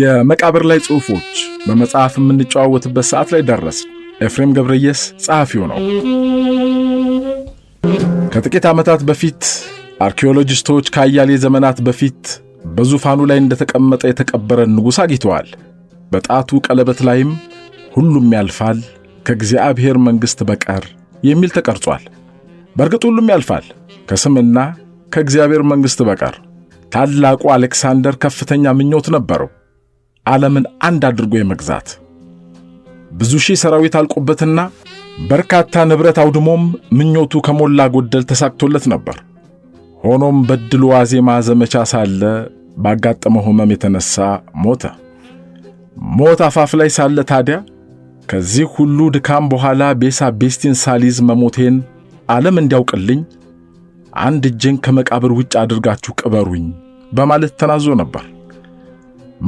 የመቃብር ላይ ጽሑፎች በመጽሐፍ የምንጨዋወትበት ሰዓት ላይ ደረስ። ኤፍሬም ገብረየስ ጸሐፊው ነው። ከጥቂት ዓመታት በፊት አርኪኦሎጂስቶች ከአያሌ ዘመናት በፊት በዙፋኑ ላይ እንደተቀመጠ የተቀበረን ንጉሥ አግኝተዋል። በጣቱ ቀለበት ላይም ሁሉም ያልፋል ከእግዚአብሔር መንግሥት በቀር የሚል ተቀርጿል። በእርግጥ ሁሉም ያልፋል ከስምና ከእግዚአብሔር መንግሥት በቀር። ታላቁ አሌክሳንደር ከፍተኛ ምኞት ነበረው። ዓለምን አንድ አድርጎ የመግዛት ብዙ ሺህ ሰራዊት አልቆበትና በርካታ ንብረት አውድሞም ምኞቱ ከሞላ ጎደል ተሳክቶለት ነበር። ሆኖም በድሉ ዋዜማ ዘመቻ ሳለ ባጋጠመው ሕመም የተነሳ ሞተ። ሞት አፋፍ ላይ ሳለ ታዲያ ከዚህ ሁሉ ድካም በኋላ ቤሳ ቤስቲን ሳሊዝ መሞቴን ዓለም እንዲያውቅልኝ አንድ እጄን ከመቃብር ውጭ አድርጋችሁ ቅበሩኝ በማለት ተናዞ ነበር።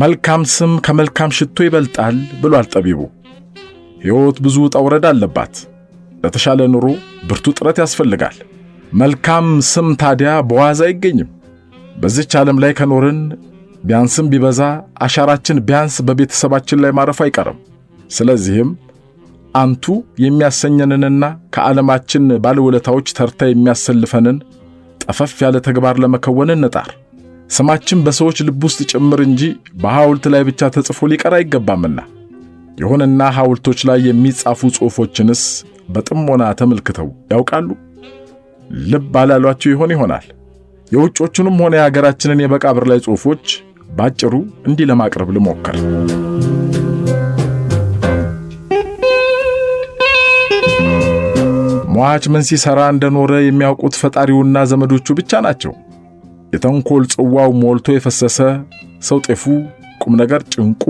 መልካም ስም ከመልካም ሽቶ ይበልጣል ብሏል ጠቢቡ። ሕይወት ብዙ ውጣ ውረድ አለባት። ለተሻለ ኑሮ ብርቱ ጥረት ያስፈልጋል። መልካም ስም ታዲያ በዋዛ አይገኝም። በዚች ዓለም ላይ ከኖርን ቢያንስም ቢበዛ አሻራችን ቢያንስ በቤተሰባችን ላይ ማረፍ አይቀርም። ስለዚህም አንቱ የሚያሰኘንንና ከዓለማችን ባለውለታዎች ተርታ የሚያሰልፈንን ጠፈፍ ያለ ተግባር ለመከወን እንጣር። ስማችን በሰዎች ልብ ውስጥ ጭምር እንጂ በሐውልት ላይ ብቻ ተጽፎ ሊቀር አይገባምና። ይሁንና ሐውልቶች ላይ የሚጻፉ ጽሑፎችንስ በጥሞና ተመልክተው ያውቃሉ? ልብ አላሏቸው ይሆን ይሆናል። የውጮቹንም ሆነ የሀገራችንን የመቃብር ላይ ጽሑፎች ባጭሩ እንዲህ ለማቅረብ ልሞክር። ሟች ምን ሲሰራ እንደኖረ የሚያውቁት ፈጣሪውና ዘመዶቹ ብቻ ናቸው። የተንኮል ጽዋው ሞልቶ የፈሰሰ ሰው ጤፉ ቁም ነገር ጭንቁ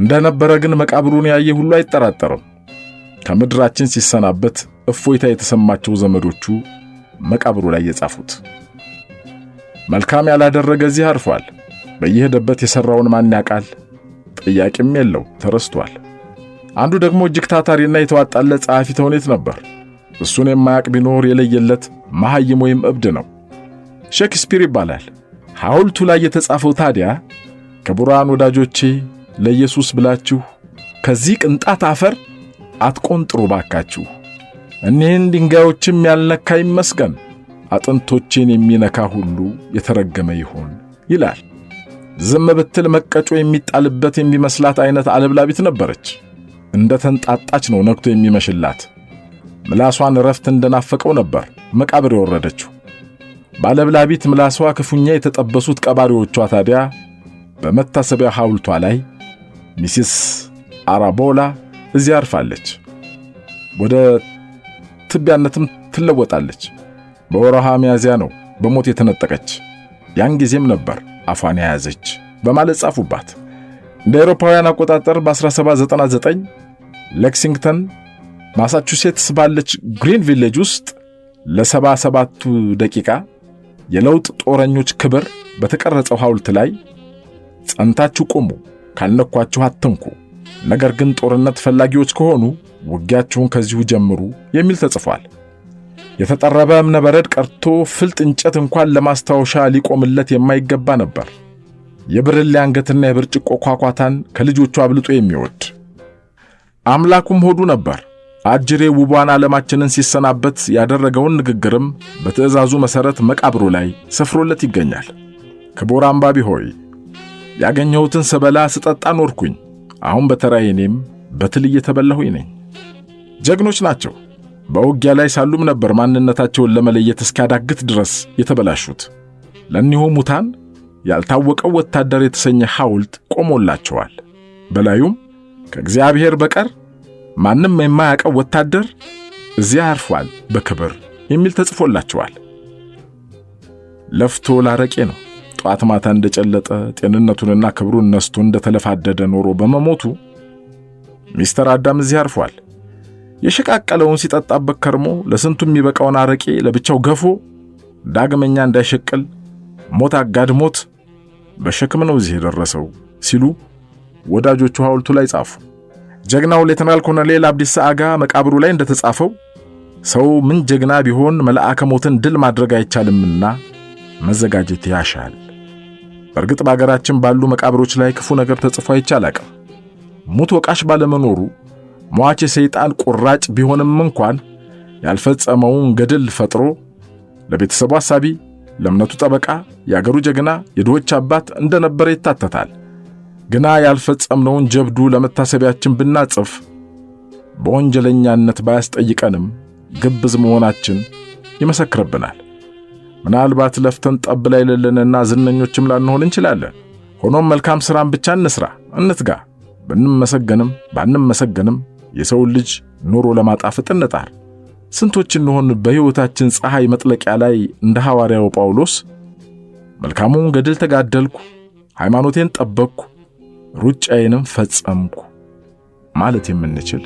እንደነበረ ግን መቃብሩን ያየ ሁሉ አይጠራጠርም። ከምድራችን ሲሰናበት እፎይታ የተሰማቸው ዘመዶቹ መቃብሩ ላይ የጻፉት መልካም ያላደረገ እዚህ አርፏል። በየሄደበት የሠራውን ማን ያውቃል? ጥያቄም የለው ተረስቷል። አንዱ ደግሞ እጅግ ታታሪና የተዋጣለት ጸሐፊ ተውኔት ነበር። እሱን የማያውቅ ቢኖር የለየለት መሐይም ወይም እብድ ነው። ሼክስፒር ይባላል። ሐውልቱ ላይ የተጻፈው ታዲያ ክቡራን ወዳጆቼ ለኢየሱስ ብላችሁ ከዚህ ቅንጣት አፈር አትቆንጥሩ ባካችሁ፣ እኔን ድንጋዮችም ያልነካ ይመስገን፣ አጥንቶቼን የሚነካ ሁሉ የተረገመ ይሁን ይላል። ዝም ብትል መቀጮ የሚጣልበት የሚመስላት አይነት አለብላቢት ነበረች። እንደ ተንጣጣች ነው ነግቶ የሚመሽላት። ምላሷን እረፍት እንደናፈቀው ነበር መቃብር የወረደችው። ባለብላቢት ምላሷ ክፉኛ የተጠበሱት ቀባሪዎቿ ታዲያ በመታሰቢያ ሐውልቷ ላይ ሚሲስ አራቦላ እዚያ አርፋለች፣ ወደ ትቢያነትም ትለወጣለች። በወረሃ ሚያዝያ ነው በሞት የተነጠቀች፣ ያን ጊዜም ነበር አፏን የያዘች በማለት ጻፉባት። እንደ አውሮፓውያን አቆጣጠር በ1799 ሌክሲንግተን ማሳቹሴትስ ባለች ግሪን ቪሌጅ ውስጥ ለሰባ ሰባቱ ደቂቃ የለውጥ ጦረኞች ክብር በተቀረጸው ሐውልት ላይ ጸንታችሁ ቁሙ፣ ካልነኳችሁ አትንኩ፣ ነገር ግን ጦርነት ፈላጊዎች ከሆኑ ውጊያችሁን ከዚሁ ጀምሩ የሚል ተጽፏል። የተጠረበ እብነበረድ ቀርቶ ፍልጥ እንጨት እንኳን ለማስታወሻ ሊቆምለት የማይገባ ነበር። የብርሌ አንገትና የብርጭቆ ኳኳታን ከልጆቹ አብልጦ የሚወድ አምላኩም ሆዱ ነበር። አጅሬ ውቧን ዓለማችንን ሲሰናበት ያደረገውን ንግግርም በትእዛዙ መሠረት መቃብሩ ላይ ሰፍሮለት ይገኛል። ክቡር አንባቢ ሆይ ያገኘሁትን ስበላ ስጠጣ ኖርኩኝ። አሁን በተራዬ እኔም በትል እየተበላሁኝ ነኝ። ጀግኖች ናቸው። በውጊያ ላይ ሳሉም ነበር ማንነታቸውን ለመለየት እስኪያዳግት ድረስ የተበላሹት። ለእኒሁ ሙታን ያልታወቀው ወታደር የተሰኘ ሐውልት ቆሞላቸዋል። በላዩም ከእግዚአብሔር በቀር ማንም የማያውቀው ወታደር እዚያ ያርፏል በክብር የሚል ተጽፎላቸዋል። ለፍቶ ላረቄ ነው። ጠዋት ማታ እንደጨለጠ ጤንነቱንና ክብሩን ነስቶ እንደተለፋደደ ኖሮ በመሞቱ ሚስተር አዳም እዚህ አርፏል። የሸቃቀለውን ሲጠጣበት ከርሞ ለስንቱ የሚበቃውን አረቄ ለብቻው ገፎ ዳግመኛ እንዳይሸቅል ሞት አጋድሞት በሸክም ነው እዚህ የደረሰው ሲሉ ወዳጆቹ ሐውልቱ ላይ ጻፉ። ጀግናው ሌተናል ኮሎኔል አብዲሳ አጋ መቃብሩ ላይ እንደተጻፈው ሰው ምን ጀግና ቢሆን መልአከ ሞትን ድል ማድረግ አይቻልምና መዘጋጀት ያሻል። በእርግጥ በአገራችን ባሉ መቃብሮች ላይ ክፉ ነገር ተጽፎ አይቻል አቅም ሙት ወቃሽ ባለመኖሩ ሟች የሰይጣን ቁራጭ ቢሆንም እንኳን ያልፈጸመውን ገድል ፈጥሮ ለቤተሰቡ አሳቢ፣ ለእምነቱ ጠበቃ፣ የአገሩ ጀግና፣ የድሆች አባት እንደነበረ ይታተታል። ግና ያልፈጸምነውን ጀብዱ ለመታሰቢያችን ብናጽፍ በወንጀለኛነት ባያስጠይቀንም ግብዝ መሆናችን ይመሰክርብናል። ምናልባት ለፍተን ጠብ ላይ ሌለንና ዝነኞችም ላንሆን እንችላለን። ሆኖም መልካም ሥራን ብቻ እንስራ፣ እንትጋ። ብንመሰገንም ባንመሰገንም የሰውን ልጅ ኑሮ ለማጣፈጥ እንጣር። ስንቶች እንሆን በሕይወታችን ፀሐይ መጥለቂያ ላይ እንደ ሐዋርያው ጳውሎስ መልካሙን ገድል ተጋደልኩ፣ ሃይማኖቴን ጠበቅኩ ሩጫዬንም ፈጸምኩ ማለት የምንችል